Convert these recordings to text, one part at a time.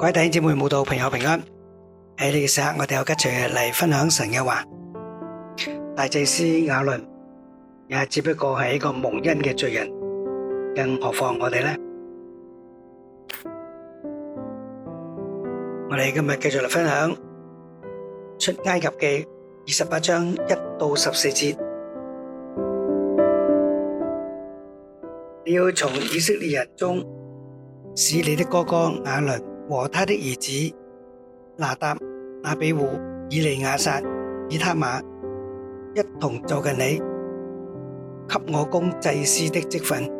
各位弟兄姊妹、慕道朋友平安！喺呢個時刻，我哋又繼續嚟分享神嘅話。大祭司亞倫也只不過係一個蒙恩嘅罪人，更何況我哋呢？我哋今日繼續嚟分享出埃及記二十八章一到十四節。你要從以色列人中使你的哥哥亞倫。和他的兒子拿答、亞比戶、以利亞撒、以他馬一同就近你，給我供祭司的職分。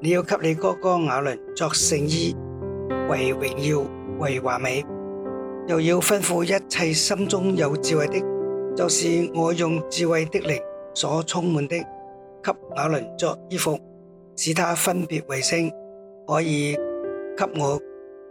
你要給你哥哥亞倫作聖衣，為榮耀為華美，又要吩咐一切心中有智慧的，就是我用智慧的靈所充滿的，給亞倫作衣服，使他分別為聖，可以給我。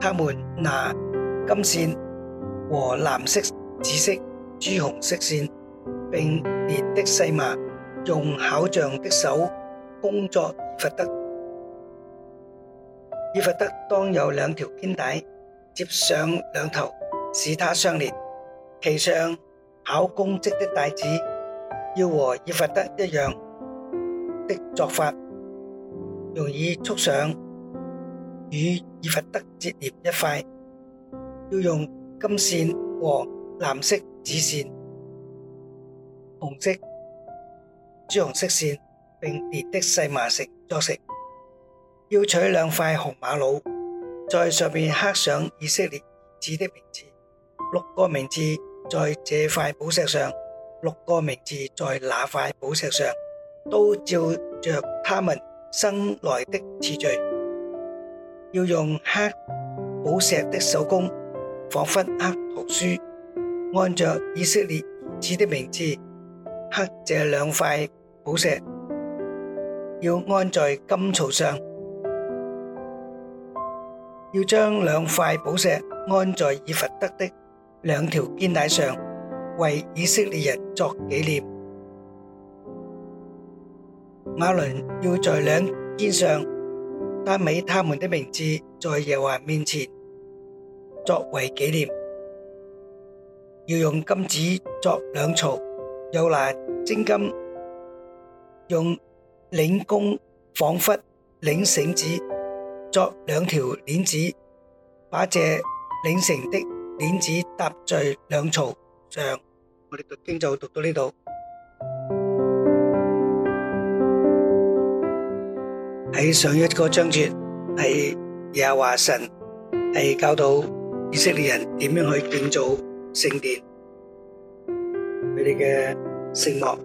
他們拿金線和藍色、紫色、朱紅色線，並列的細麻，用巧匠的手工作以弗得。以弗得當有兩條肩帶，接上兩頭，使他相連，其上巧工織的帶子，要和以弗得一樣的做法，容易觸上與以弗得接連一塊，要用金線和藍色、紫色、紅色、朱紅色線，並連的細麻石作成。要取兩塊紅瑪瑙，在上面刻上以色列子的名字，六個名字在這塊寶石上，六個名字在那塊寶石上，都照着他們生來的次序。要用刻寶石的手工，仿佛刻圖書，按着以色列兒子的名字刻這兩塊寶石，要安在金槽上，要將兩塊寶石安在以弗得的兩條肩帶上，為以色列人作紀念。亞倫要在兩肩上。擔尾他們的名字在耶和華面前作為紀念，要用金子作兩槽，又拿精金用領弓仿佛領繩子作兩條鏈子，把這領成的鏈子搭在兩槽上。我哋讀經就讀到呢度。喺上一個章節係耶和華神係教導以色列人點樣去建造聖殿，佢哋嘅聖幕。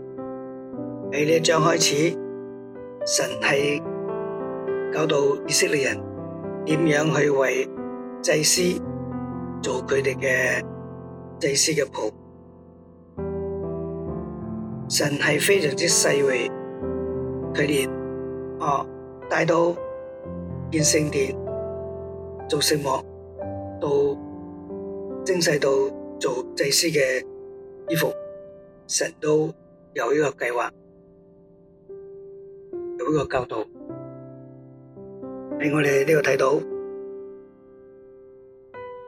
喺呢一章開始，神係教導以色列人點樣去為祭司做佢哋嘅祭司嘅袍，神係非常之細微，佢哋哦。帶到建聖殿、做聖幕，到精細到做祭司嘅衣服，神都有一個計劃，有一個教導喺我哋呢度睇到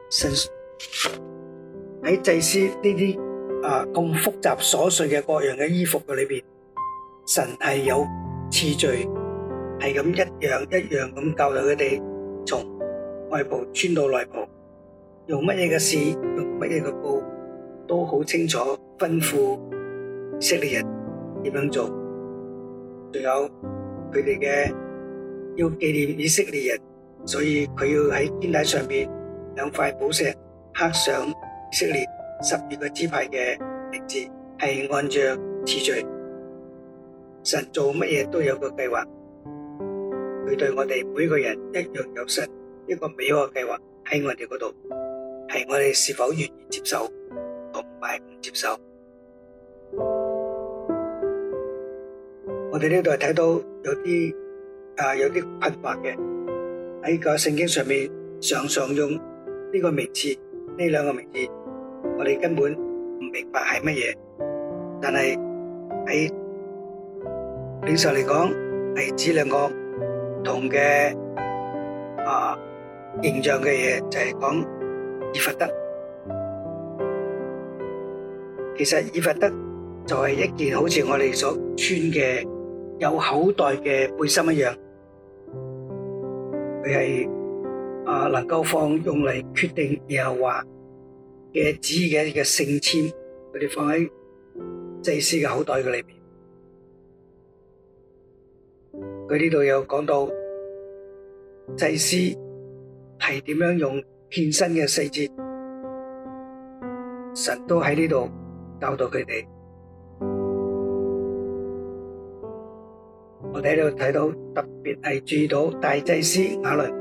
神喺祭司呢啲啊咁複雜瑣碎嘅各樣嘅衣服嘅裏邊，神係有次序。係咁一樣一樣咁教導佢哋，從外部穿到內部，用乜嘢嘅線，用乜嘢嘅布，都好清楚吩咐以色列人點樣做。仲有，佢哋嘅要紀念以色列人，所以佢要喺肩帶上邊兩塊寶石刻上以色列十二個支派嘅名字，係按照次序，神做乜嘢都有個計劃。佢對我哋每個人一樣有信，一個美好嘅計劃喺我哋嗰度，係我哋是否願意接受同埋唔接受。我哋呢度係睇到有啲啊有啲困惑嘅喺個聖經上面常常用呢個名詞呢兩個名字，我哋根本唔明白係乜嘢，但係喺正常嚟講係指兩個。同嘅啊形象嘅嘢就係講以弗得，其實以弗得就係一件好似我哋所穿嘅有口袋嘅背心一樣，佢係啊能夠放用嚟決定耶和華嘅旨意嘅嘅聖籤，佢哋放喺祭司嘅口袋嘅裏邊。佢呢度有講到祭司係點樣用獻身嘅細節，神都喺呢度教導佢哋。我哋喺度睇到特別係注意到大祭司雅倫，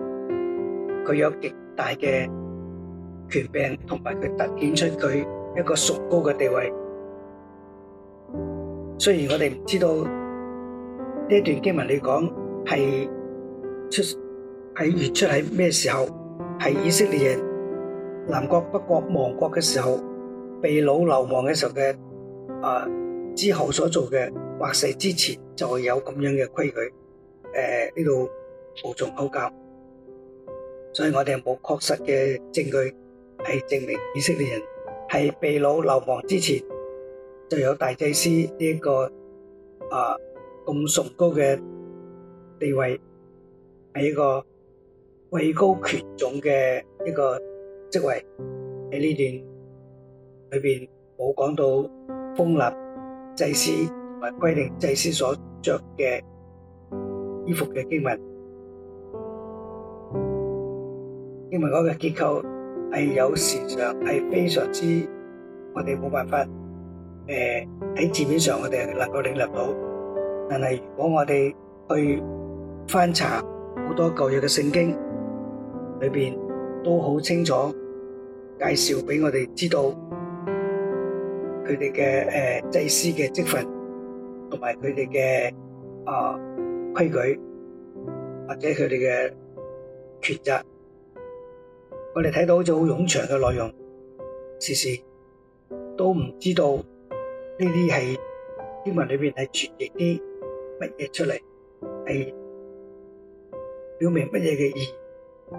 佢有極大嘅權柄，同埋佢凸顯出佢一個崇高嘅地位。雖然我哋唔知道。呢一段經文你講係出係原出喺咩時候？係以色列人南國北國亡國嘅時候，被擄流亡嘅時候嘅啊之後所做嘅，或世之前就係有咁樣嘅規矩。誒呢度無從考究，所以我哋冇確實嘅證據係證明以色列人喺被擄流亡之前就有大祭司呢、這、一個啊。咁崇高嘅地位，係一個位高權重嘅一個職位。喺呢段裏邊冇講到封立祭司同埋規定祭司所着嘅衣服嘅經文，經文嗰個結構係有時尚，係非常之我哋冇辦法誒喺字面上我哋能夠領略到。但係，如果我哋去翻查好多舊約嘅聖經裏邊，都好清楚介紹俾我哋知道佢哋嘅誒祭司嘅職份，同埋佢哋嘅啊規矩，或者佢哋嘅抉擇。我哋睇到好似好冗長嘅內容，時時都唔知道呢啲係英文裏邊係傳譯啲。乜嘢出嚟，係表明乜嘢嘅意義？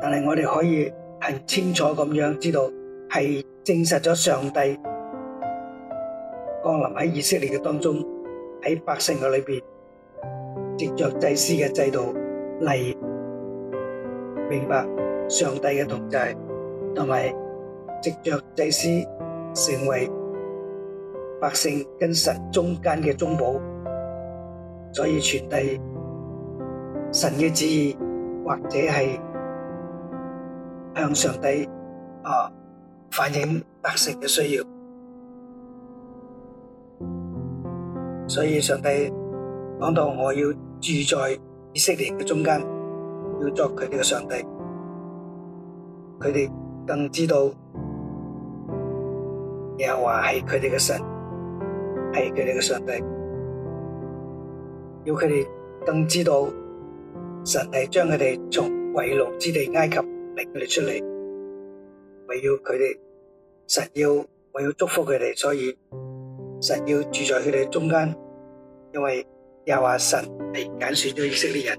但係我哋可以很清楚咁樣知道，係證實咗上帝降臨喺以色列嘅當中，喺百姓嘅裏邊，藉着祭司嘅制度嚟明白上帝嘅同在，同埋藉着祭司成為。百姓跟神中間嘅中保，所以傳遞神嘅旨意，或者係向上帝啊，反映百姓嘅需要。所以上帝講到我要住在以色列嘅中間，要作佢哋嘅上帝，佢哋更知道又話係佢哋嘅神。係佢哋嘅上帝，要佢哋更知道神係將佢哋從為奴之地埃及領佢哋出嚟，為要佢哋神要為要祝福佢哋，所以神要住在佢哋中間，因為又話神係揀選咗以色列人，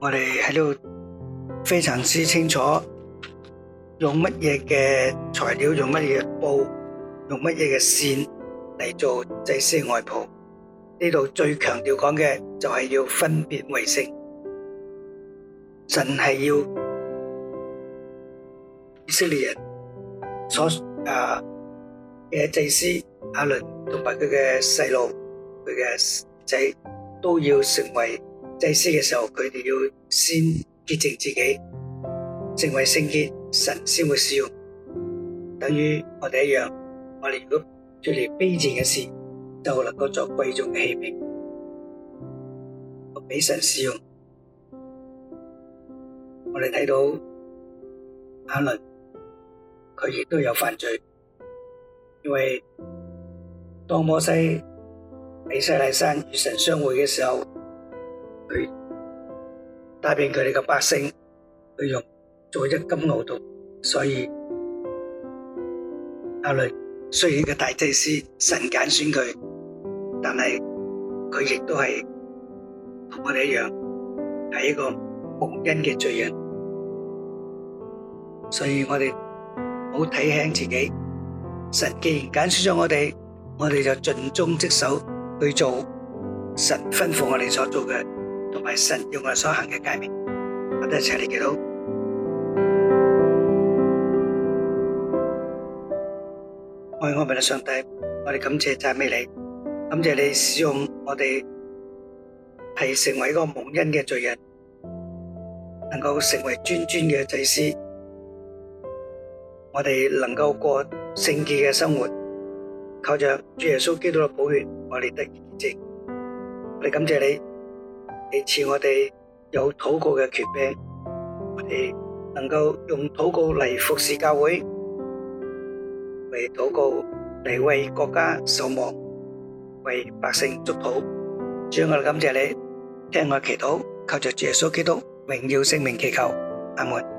我哋喺度。非常之清楚，用乜嘢嘅材料，用乜嘢布，用乜嘢嘅線嚟做祭司外袍。呢度最強調講嘅就係要分別為聖，神係要以色列人所誒嘅祭司亞倫同埋佢嘅細路佢嘅仔都要成為祭司嘅時候，佢哋要先。潔淨自己，成為聖潔，神先會使用。等於我哋一樣，我哋如果脫離卑賤嘅事，就能夠作貴重嘅器皿，我俾神使用。我哋睇到亞倫，佢亦都有犯罪，因為當摩西喺西奈山與神相會嘅時候，佢。帶領佢哋嘅百姓去用做一金牛道，所以阿雷雖然係大祭司神揀選佢，但係佢亦都係同我哋一樣係一個福音嘅罪人，所以我哋唔好睇輕自己，神既然揀選咗我哋，我哋就盡忠職守去做神吩咐我哋所做嘅。為神用我所行嘅界面，我哋一齊嚟祈禱。愛我嘅上帝，我哋感謝讚美你，感謝你使用我哋係成為一個蒙恩嘅罪人，能夠成為君尊嘅祭司，我哋能夠過聖潔嘅生活，靠着主耶穌基督嘅寶血，我哋得潔淨。我哋感謝你。你似我哋有禱告嘅權柄，我哋能夠用禱告嚟服侍教會，為禱告嚟為國家守望，為百姓祝禱。主，我哋感謝你聽我祈禱，靠着耶穌基督榮耀聖名祈求，阿門。